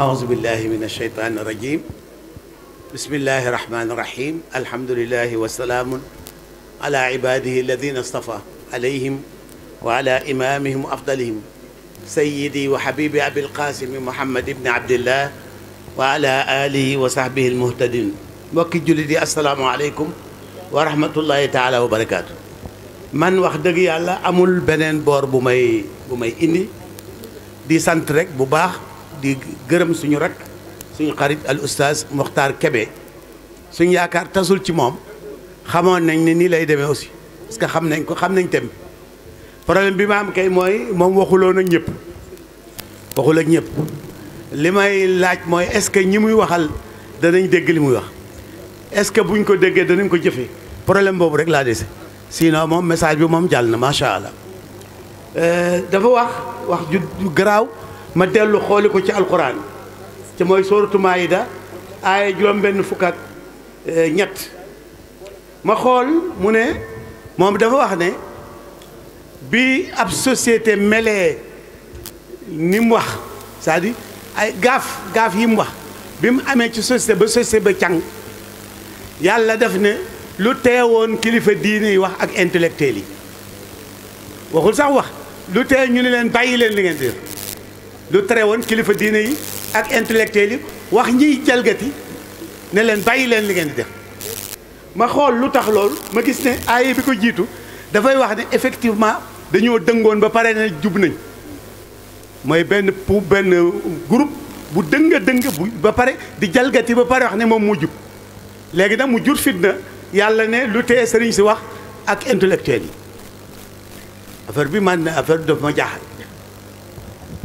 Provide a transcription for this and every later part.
أعوذ بالله من الشيطان الرجيم بسم الله الرحمن الرحيم الحمد لله وسلام على عباده الذين اصطفى عليهم وعلى إمامهم أفضلهم سيدي وحبيبي أبي القاسم محمد بن عبد الله وعلى آله وصحبه المهتدين وكي جلدي السلام عليكم ورحمة الله تعالى وبركاته من وقت دقي الله أمول بنين بور boor bu إني دي سنترك بباخ di gërëm suñu rek suñu xarit al oustaz Mokhtar Kébé suñu yaakaar tasul ci moom xamoon nañ ne nii lay demee aussi parce que xam nañ ko xam nañ tem problème bi ma am kay mooy moom waxuloo ak ñëpp waxul ak ñëpp li may laaj mooy est-ce que ñi muy waxal danañ dégg li muy wax est-ce que buñ ko déggee danañ ko jëfee problème boobu rek laa dese sinon moom message bi moom jàll na macha allah euh, dafa wax wax ju garaaw ما دلو خالق وش القرآن تموي سورة مايدا آية جوان بن فكات نت ما خال منة ما بدفع هني بي أبسوسيت ملء نموه سادي أي غاف غاف يموه بيم أمي تشوس تبسوس تبكان يا الله دفن لو تيوان كلي في ديني واه أك إنتلكتيلي وخلصا واه لو تيوان يني لين بايلين لين دير lu tere woon kilifa diine yi ak intellectuel yi wax ñiy jalgati ne leen bàyyi leen li ngeen di def ma xool lu tax loolu ma gis ne aaya bi ko jiitu dafay wax ne effectivement dañoo dëngoon ba pare ne jub nañ mooy benn pour benn groupe bu dënga dëng bu ba pare di jalgati ba pare wax ne moom mu jub léegi nag mu jur fitna yàlla ne lu tee sëriñ si wax ak intellectuel yi affaire bi man na affaire bi daf ma jaaxal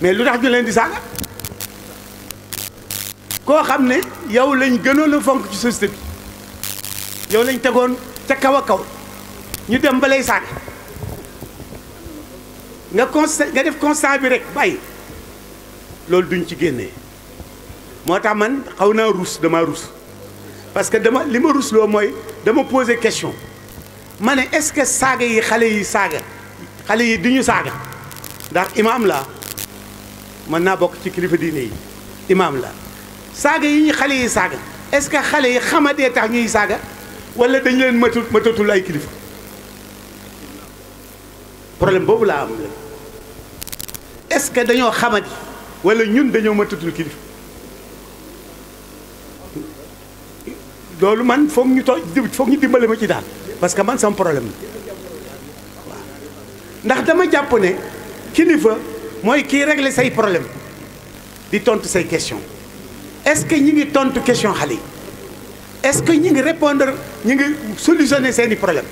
mais lutax ñu leen di que ko xamne yow lañ a fonk ci société bi yow lañ tegoon ca kaw faire kaw ñu dem ba lay nga constat bi rek bay lool duñ ci motax man xawna dama parce que dama li ma lo moy dama poser question mané est-ce que ça yi xalé yi je xalé yi diñu ndax imam la mën naa bokk ci kilifa diine yi imaam la saaga yi xale yi saaga est-ce que xale yi xamadee tax ñuy saaga wala dañu leen matul matatul ay kilifa problème boobu laa am la est-ce que dañoo xamadi wala ñun dañoo matatul kilifa loolu man foog ñu too foog ñu dimbale ma ci daal parce que man sama problème la waaw ndax dama jàpp ne kilifa. mooy kii régler say problème di tontu say question est-ce que ñi ngi question xali est-ce que ñi répondre ñi ngi solutionner seeni problème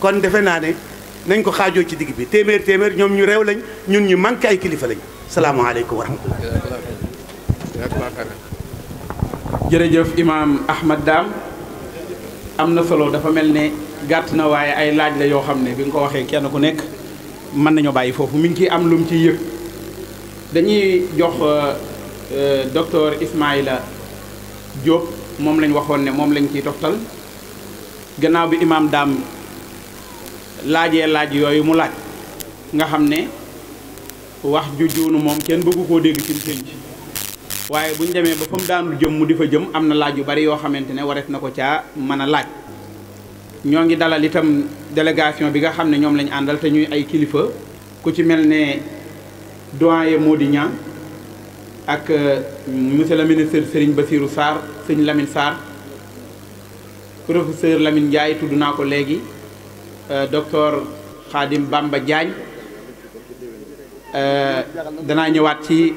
kon defe naa ne nañ ko xajjo ci digg bi téeméer téeméer ñom ñu rew lañ ñun ñu manqué ay kilifa lañ salaamaaleykum wa rahmatullah jërëjëf Imam Ahmad Dam amna na solo dafa mel ne na waaye ay laaj la yo xam bi nga ko waxee kenn ku mën nañoo bàyyi foofu mi ngi am lu mu ciy yëg dañuy jox euh, euh, docteur Ismaïla Diop moom lañ waxoon ne moom lañ ciy toftal gannaaw bi imaam daam laajee laaj yooyu mu laaj nga xam ne wax ju juunu moom kenn bëggu koo dégg ci pénc waaye bu ñu demee ba fa mu daanul jëm mu di fa jëm am na laaj yu bari yoo xamante ne warees na ko caa mën a laaj. ñoo ngi dalal itam délégation bi nga xam ne ñoom lañu àndal te ñuy ay kilifa ku ci mel ne doyen Mody Niang ak euh, monsieur le ministre Serigne Bassirou Sarr sëñ Lamine Sarr professeur Lamine Ndiaye tudd naa ko léegi euh, docteur Khadim Bamba Diagne euh, danaa ñëwaat ci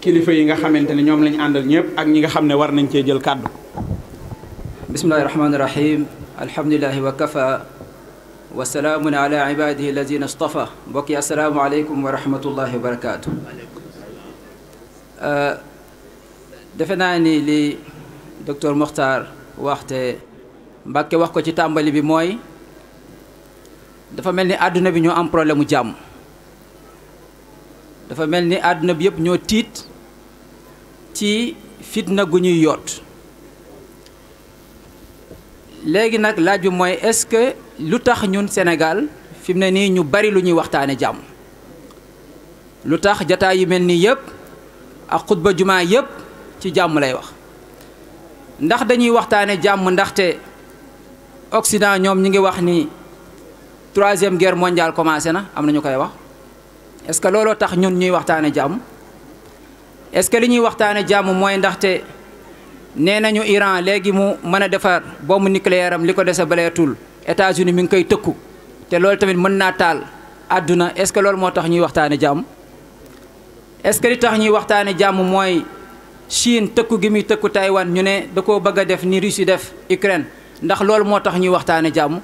kilifa yi nga xamante ne ñoom lañu àndal ñëpp ak ñi nga xam ne war nañ cee jël kàddu bismillahi rahmaani rahim الحمد لله وكفى وسلام على عباده الذين اصطفى بقي السلام عليكم ورحمة الله وبركاته defe naa ni li docteur Mokhtar waxte Mbàkke wax ko ci tàmbali bi mooy dafa mel ni àdduna bi ñoo am problème mu jàmm dafa mel ni àdduna bi yëpp ñoo tiit ci fitna gu ñuy yoot léegi nag laaj bi mooy est-ce que lu tax ñun Sénégal fi mu ne nii ñu bari lu ñuy waxtaane jàmm lu tax jataay yi mel nii yëpp ak xutba jumaa yëpp ci jàmm lay wax ndax dañuy waxtaane jàmm ndaxte Occident ñoom ñi ngi wax ni troisième guerre mondial commencé na am na ñu koy wax est que looloo tax ñun ñuy waxtaane jàmm est-ce que li ñuy waxtaane jàmm mooy ndaxte nenañu Iran legi mu meuna a defar bombe nucléaire am liko ko dese baleetul États-Unis mi ngi koy tekkou te loolu tamit meuna tal aduna est ce que loolu moo ñuy waxtane jamm est ce li tax ñuy waxtane jamm moy Chine tekkou gi mi tekkou taiwan ñune dako def ni Russie def Ukraine ndax loolu motax ñuy waxtane jamm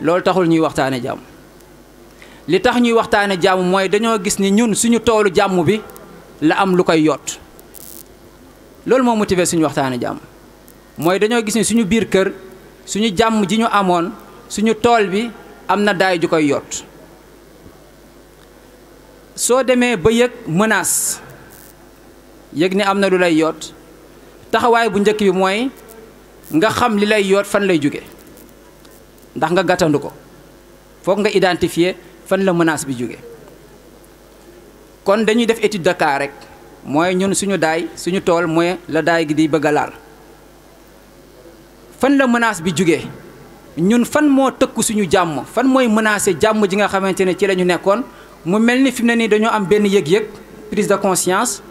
loolu taxul ñuy waxtane jamm li tax ñuy waxtane jamm moy dañoo gis ni ñun suñu tolu jamm bi la am lu koy yott loolu moo motivé suñu waxtaane jàmm mooy dañoo gis ni suñu biir kër suñu jàmm ji ñu amoon suñu tool bi am na daay ju koy yott soo demee ba yëg mënaas yëg ni am na lu lay yoot taxawaay bu njëkk bi mooy nga xam li lay yoot fan lay jóge ndax nga gàttandu ko foog nga identifier fan la mënaas bi jóge kon dañuy def étude dakaar rek mooy ñun suñu daay suñu tool mooy la daay gi di bëgg laal fan la menace bi jugee ñun fan moo tëkk suñu jàmm fan mooy menacé jàmm ji nga xamante ne ci la ñu nekkoon mu mel ni fi ne nii dañoo am benn yëg-yëg prise de conscience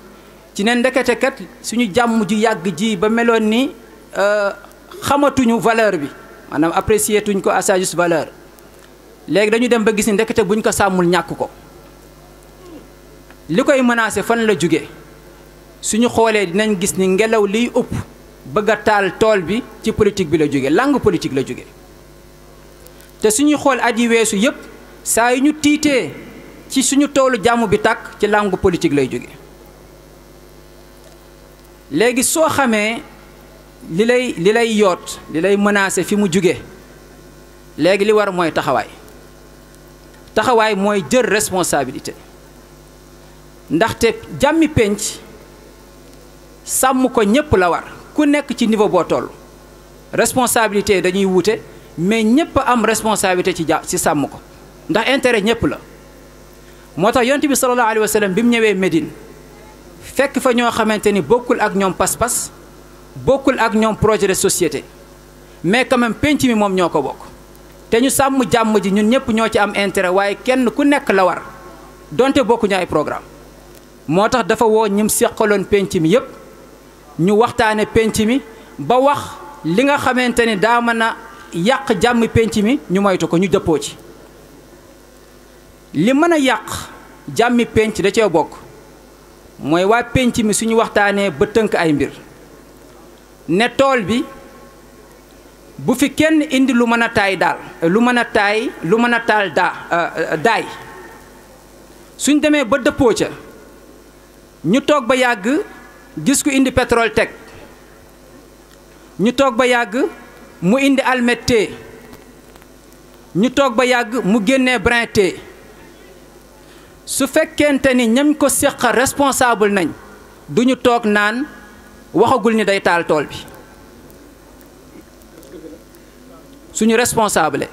ci ne ndekete kat suñu jàmm ju yàgg ji ba meloon ni euh, xamatuñu valeur bi maanaam apprécier tuñ ko à valeur léegi dañu dem ba gis ni ndekete buñ ko sàmmul ñàkk ko li koy menacé fan la jóge suñu xoolee dinañ gis ni ngelaw liy ëpp bëgg a taal tool bi ci politique bi la jóge langue politique la jóge te suñuy xool at yi weesu yépp saa yi ñu tiitee ci suñu toolu jàmm bi tàkk ci langue politique lay jóge léegi soo xamee li lay li lay yoot li lay menacer fi mu jóge léegi li war mooy taxawaay taxawaay mooy jël responsabilité ndaxte jàmmi penc sàmm ko ñëpp la war ku nekk ci niveau boo toll responsabilité dañuy wuute mais ñëpp am responsabilité ci ja ci sàmm ko ndax intérêt ñëpp la moo tax yonent bi sallallahu alayhi wa sallam bi mu ñëwee Médine fekk fa ñoo xamante ni bokkul ak ñoom pas-pas bokkul ak ñoom projet de société mais quand penc mi moom ñoo ko bokk te ñu sàmm jàmm ji ñun ñëpp ñoo ci am intérêt waaye kenn ku nekk la war donte bokkuñu ay programme moo tax dafa woo ñim seqaloon penc mi yëpp. ñu waxtaane pénc mi ba wax li nga xamante ni daa mën a yàq jàmmi pénc mi ñu moytu ko ñu dëppoo ci li mën a yàq jàmmi pénc da cee bokk mooy waa penc mi suñu waxtaanee ba tënk ay mbir ne tool bi bu fi kenn indi lu mën a taay daal lu mën a taay lu mën a taal daa euh, euh, daay suñ demee ba dëppoo ca ñu toog ba yàgg gis ku indi pétrole teg ñu toog ba yàgg mu indi almet té ñu toog ba yàgg mu génnee brin té su fekkente ni ñam ko séqa responsable nañ duñu toog naan waxagul ni day taal tool bi suñu responsable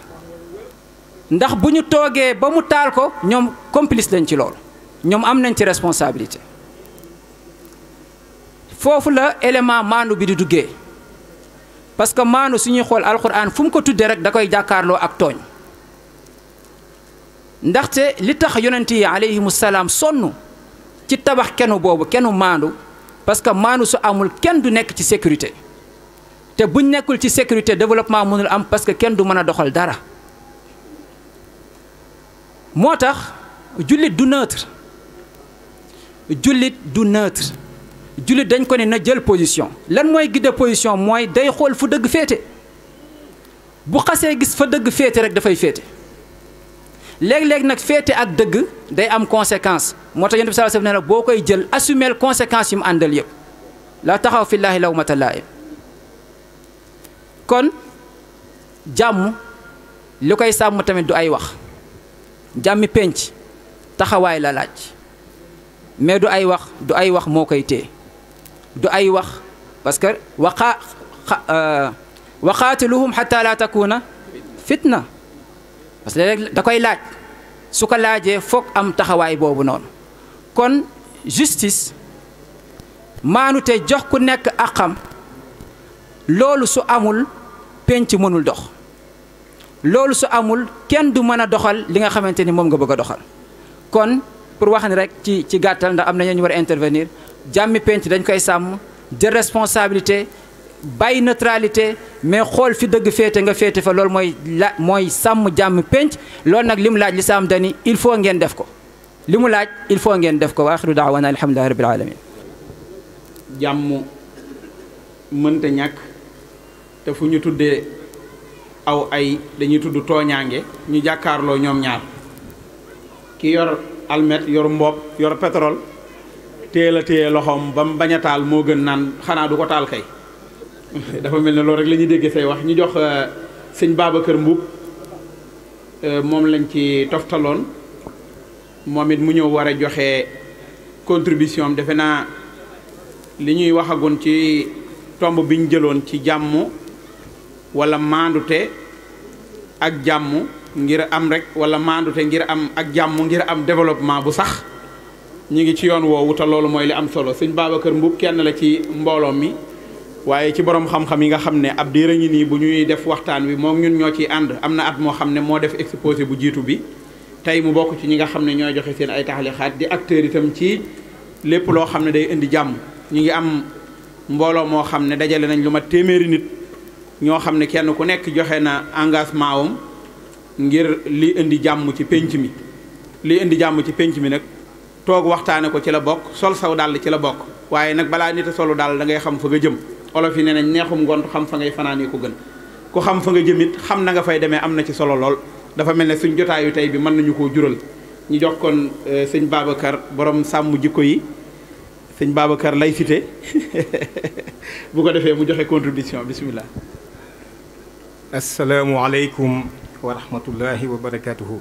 ndax bu ñu toogee ba mu taal ko ñoom complice lañ ci lool ñoom am nañ ci responsabilité fofu la élément manu bi di duggé parce que manu suñu xol xool fum ko tuddé rek dakoy jakarlo jàkkaarloo ak tooñ ndaxte li tax yonnati alayhi musallam sonu ci tabax kenu bobu kenu manu parce que manu su amul ken du nek ci sécurité te buñ nekul ci sécurité développement mënul am parce que ken du mëna doxal dara motax julit du neutre julit du neutre jullit dañ ko ne na jël position lan mooy guide position mooy day xool fu dëgg féete bu xasee gis fa dëgg féete rek dafay féete léeg-léeg nag féete ak dëgg day am conséquence moo tax yonent bi sallallahu alayhi wasallam nee na boo koy jël assumer conséquence yu mu àndal yëpp la taxaw fi laahi lawmata laa'im kon jàmm li koy sàmm tamit du ay wax jàmmi penc taxawaay la laaj mais du ay wax du ay wax moo koy téye دو اي وخ باسكو وقا خ... آه... وقاتلهم حتى لا تكون فتنه بس داكاي لاج سوكا لاجي فوك ام تخواي بوبو نون كون جوستيس مانو تي جوخ كو نيك اقام لولو سو امول بنتي مونول دوخ لولو سو امول كين دو مانا دوخال ليغا خامتيني موم غا بوغا دوخال كون pour wax ni rek ci ci gattal nda am ñu wara intervenir jàmmi penc dañ koy sàmm jël responsabilité bàyyi neutralité mais xool fi dëgg féete nga féete fa loolu mooy la sàmm jàmm penc loolu nag li mu laaj lislaam dani il faut ngeen def ko li mu laaj il faut ngeen def ko wa axiru daawana alhamdulilahi rabbil alamin jàmm mënta ñàkk te fu ñu tuddee aw ay dañuy tudd tooñaange ñu jàkkaarloo ñoom ñaar ki yor almet yor mboob yor pétrole téla la loxom bam baña tal bañ taal moo gën nan xana du ko taal kay dafa melni ne rek lañu déggé say wax ñu jox euh, sëñ mbub euh mom lañ ci toftalon momit mu ñew wara joxé contribution am defena li ñuy waxagon ci tomb bi jëlon ci jamm wala manduté ak jamm ngir am rek wala manduté ngir am ak jamm ngir am développement bu sax ñu ngi ci yoon woowu te loolu mooy li am solo suñ sëñ kër Mboup kenn la ci mbooloo mi waaye ci borom xam-xam yi nga xam ne ab diir a nii bu ñuy def waxtaan wi moom ñun ñoo ciy ànd am na at moo xam ne moo def exposé bu jiitu bi tey mu bokk ci ñi nga xam ne ñoo joxe seen ay taxalixaat di acteurs itam ci lépp loo xam ne day indi jàmm ñu ngi am mbooloo moo xam ne dajale nañ lu ma téeméeri nit ñoo xam ne kenn ku nekk joxe na engagement am ngir li indi jàmm ci pénc mi li indi jàmm ci pénc mi nag toog waxtaane ko ci la bokk sol saw dàll ci la bokk waaye nag balaa nit a solu daal dangay xam fa nga jëm olof yi ne nañ neexum ngont xam fa ngay fanaanee ko gën ku xam fa nga jëm it xam na nga fay demee am na ci solo lool dafa mel ne suñ jotaayu tey bi mën nañu koo jural ñu jox kon euh, sëñ Babacar boroom sàmm jikko yi sëñ Babacar lay cité bu ko defee mu joxe contribution bismillah asalaamualeykum wa rahmatullahi wa barakatuhu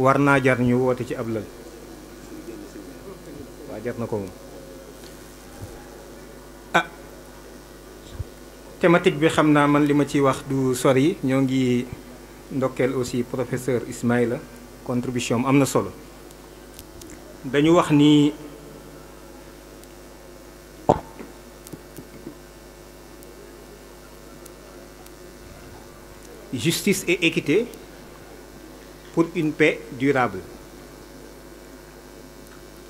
Warna jar ñu woote ci ablal wa jar nako ah thématique bi xamna man lima ci wax du sori ñongi ndokel aussi professeur Ismaïla contribution amna solo dañu wax ni justice et équité pour une paix durable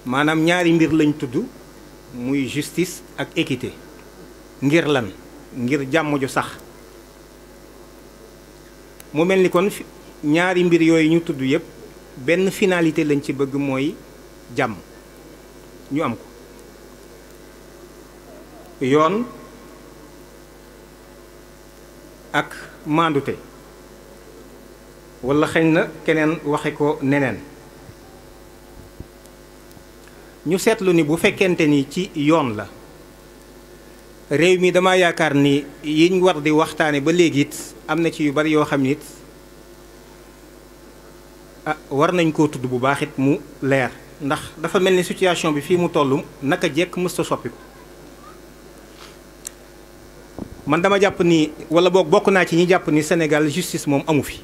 Manam ñaari mbir lañ tudd muy justice ak équité ngir lan ngir jamm ju sax mu melni kon ñaari mbir yoy ñu tudd yépp ben finalité lañ ci bëgg moy jamm. ñu am ko yoon ak manduté. wala xëñ na keneen waxe ko neneen ñu seetlu ni bu fekkente ni ci yoon la réew mii dama yaakaar ni yiñ war di waxtaane ba léegi it am na ci yu bari yoo xam ni it ah war nañ koo tudd bu baaxit mu leer ndax dafa mel ni situation bi fii mu toll naka jekk mësta soppi man dama jàpp nii wala boog bokk naa ci ñi jàpp ni senegal justice moom amu fi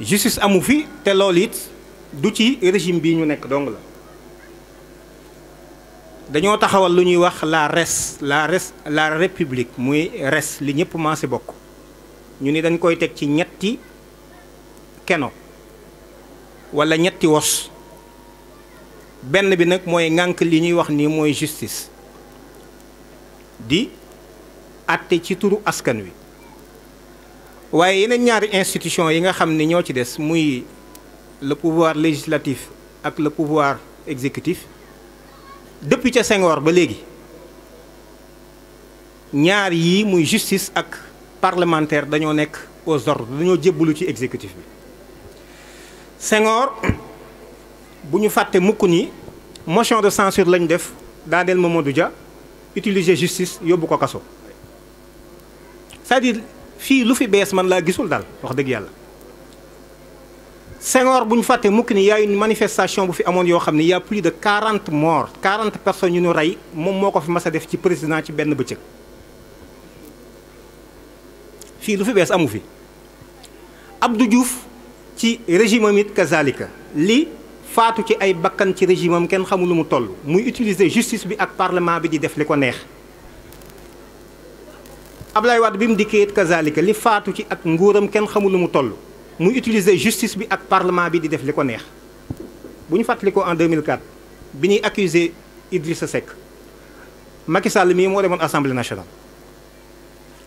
justice amoufi fi te lolit du ci régime bi ñu nek dong la dañoo la res la res la république muy res li ni dañ koy ci ñetti keno wala ñetti wos benn bi nak moy ngank li justice di atté ci waaye yeneen ñaari institution yi nga xam ñoo ci des muy le pouvoir législatif ak le pouvoir exécutif depuis ca Senghor ba léegi ñaar yi muy justice ak parlementaire dañoo nekk aux ordres dañoo jébbalu ci exécutif bi Senghor bu ñu fàtte mukk ni motion de censure lañ def daaneel Mamadou Dia utiliser justice yóbbu ko kaso c'est-à-dire fi lu fi bes man la gisul dal wax deug yalla Senghor bu ñu fàtte mukk ni yaay une manifestation bu fi amone yo xam ya plus de 40 morts 40 personnes yu ñu ray mom moko fi massa def ci président ci benn beuk fi lu fi bes amu fi Abdou Diouf ci régime am it kazalika li fatu ci ay bakkan ci régime am ken xamul lu mu toll muy utiliser justice bi ak parlement bi di def liko neex Ablaye Wade bim mu dikkee it kazalika li fatu ci ak ngouram ken xamul lu mu toll muy utiliser justice bi ak parlement bi di def liko neex buñu ñu fàttalikoo en 2004 bi ñuy accuser Idrissa Seck Macky Sall mii moo demoon assemblée nationale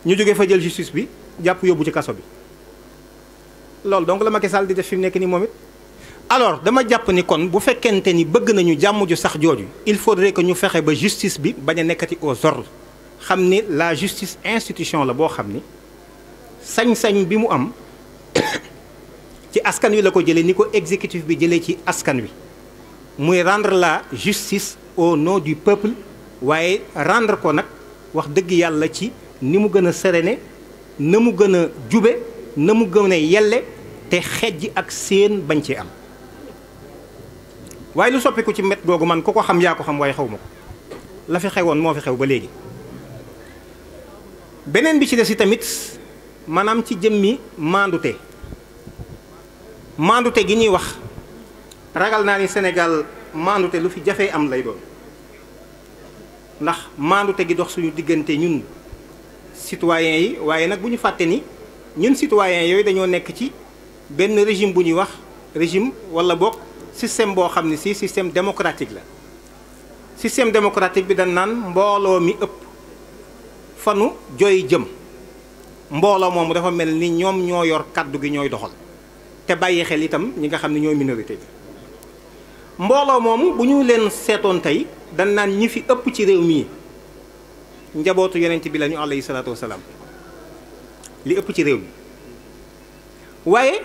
ñu joggé fa jël justice bi japp yóbbu ci kasso bi lol donc la Macky Sall di def fi mu nekk nii moom alors dama japp ni kon bu fekente ni bëgg nañu jàmm ju sax jooju il faudrait que ñu fexé ba justice bi baña a nekkati aux ordres xam la justice institution la bo xamni sañ-sañ bi mu am ci askan wi la ko ni ko exécutif bi jëlé ci askan wi muy rendre la justice au nom du peuple waye rendre ko nak wax deug yalla ci ni mu gëna séréné serené na mu gëna djubé jube na mu gëna a yelle te xejj ak seen bañ ci am waye lu soppiku ci met googu man ko ko xam ya ko xam waye xawmako la fi xewoon mo fi xew ba légui Benen bi ci Mits tamit manam ci jëmmi maandute maandute gi ñi wax ragal nani ni Sénégal maandute lu fi jafé am lay doon ndax maandute gi dox suñu digënté ñun citoyen yi waaye nak buñu faté ni ñun citoyen yoy dañu nekk ci ben régime buñu wax régime wala bok système bo xamni ne si système démocratique la système démocratique bi dañ nan mbolo mi ëpp fanu jooy jëm mbooloo moom dafa mel ni ñoom ñoo yor kàddu gi ñooy doxal te bàyyi xel itam ñi nga xam ne ñooy minorité bi mbooloo moomu bu ñu leen seetoon tey dañ naan ñi fi ëpp ci réew mi njabootu yonent bi lañu alayhi salaatu wasalaam li ëpp ci réew mi waaye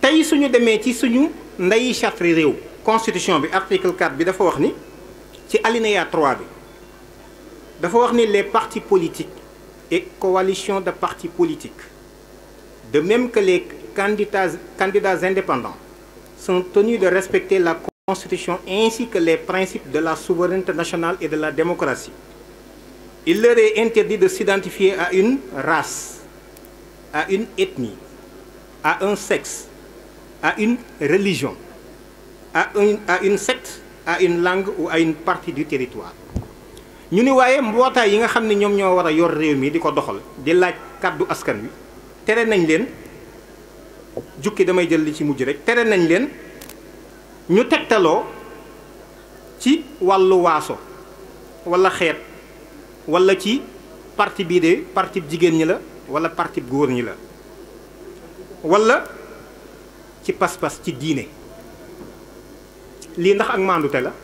tey suñu demee ci suñu ndeyi charte réew constitution bi article 4 bi dafa wax ni ci alinéa 3 bi D'avoir les partis politiques et coalitions de partis politiques de même que les candidats, indépendants sont tenus de respecter la Constitution ainsi que les principes de la souveraineté nationale et de la démocratie. Il leur est interdit de s'identifier à une race, à une ethnie, à un sexe, à une religion, à une secte, à une langue ou à une partie du territoire. ñu ni waye mbootaay yi nga xamni ñom ñoo wara yor réew mi di doxal di laaj kaddu askan wi téré nañ leen jukki damay jël li ci mujj rek téré nañ leen ñu tektalo ci walu waso wala xet wala ci parti bi de parti jigen ñi la wala parti goor ñi la wala ci pass pass ci diiné li ndax ak té la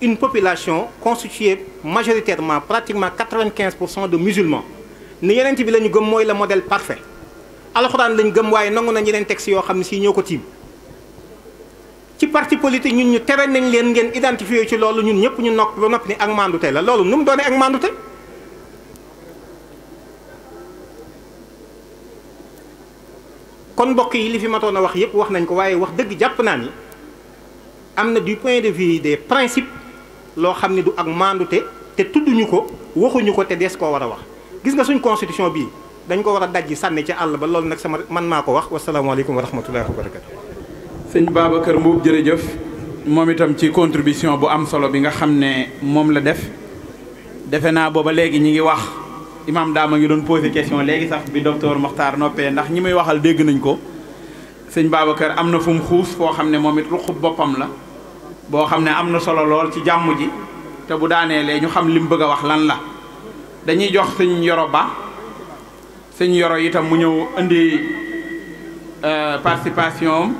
une population constituée majoritairement, pratiquement 95% de musulmans. ni yeneen bi que ñu gëm mooy le modèle parfait Alors que gëm avons nangu que yeneen texte yoo xam ne si ñoo ko tiim ci parti politique ñun ñu tere nañ leen ngeen identifié ci loolu ñun ñëpp ñu nokk ba noppi ni ak mandute la loolu nu mu ak mandute kon bokki yi li fi matona wax yépp wax nañ ko waye wax dëgg japp naa amna du point de vue des principes loo xam ne du ak maandute te tudduñu ko waxuñu ko te dees koo war a wax gis nga suñ constitution bii dañ ko war a dajj sànni ci àll ba loolu nag sama man maa ko wax wasalaamaaleykum wa rahmatullahi wa barakatu sëñ kër Babacar Mbuub jëf moom itam ci contribution bu am solo bi nga xam ne moom la def defe naa booba léegi ñi ngi wax imaam daama ngi doon posé question léegi sax bi docteur Mokhtar noppee ndax ñi muy waxal dégg nañ ko sëñ Babacar am na fu mu xuus foo xam ne moom it ruqub boppam la boo xam ne am na solo lool ci jàmm ji te bu daanee daaneelee ñu xam lim bëgg a wax lan la dañuy jox sëñ yoro ba sëñ yoro itam mu ñëw indi euh, participation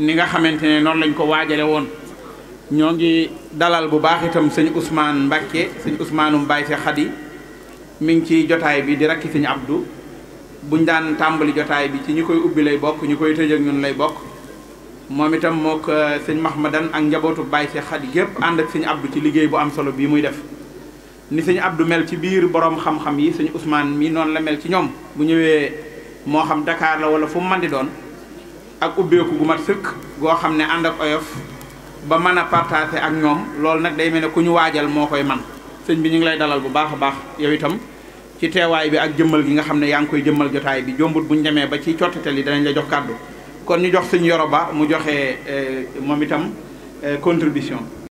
ni nga xamante ne noonu lañ ko waajale woon ñoo ngi dalal bu baax itam sëñ Ousmane Mbacke sëñ Ousmane Mbaye Cheikh Khady mi ngi ci jotaay bi di rakki sëñ Abdou buñ daan tàmbali jotaay bi ci ñi koy ubbi lay bokk ñi koy tëj ak ñun lay bokk moom itam moo ko euh, sëñ Mahmadan ak njabootu bàyyi Cheikh Khady gépp ànd ak sëñ Abdou ci liggéey bu am solo bii muy def ni sëñ Abdou mel ci biir borom xam-xam yi sëñ Ousmane mii noonu la mel ci ñoom bu ñëwee moo xam Dakar la wala fu mu mën di doon ak ubbeeku gu mat sëkk goo xam ne ànd ak oyof ba mën a partagé ak ñoom loolu nag day mel ne ku ñu waajal moo koy man sëñ bi ñu ngi lay dalal bu baax a baax yow itam ci teewaay bi ak jëmmal gi nga xam ne yaa ngi koy jëmmal jotaay bi jombut buñ demee ba ci cottital yi danañ la jox kàddu kon ñu jox yoro yoroba mu joxe euh, moom itam euh, contribution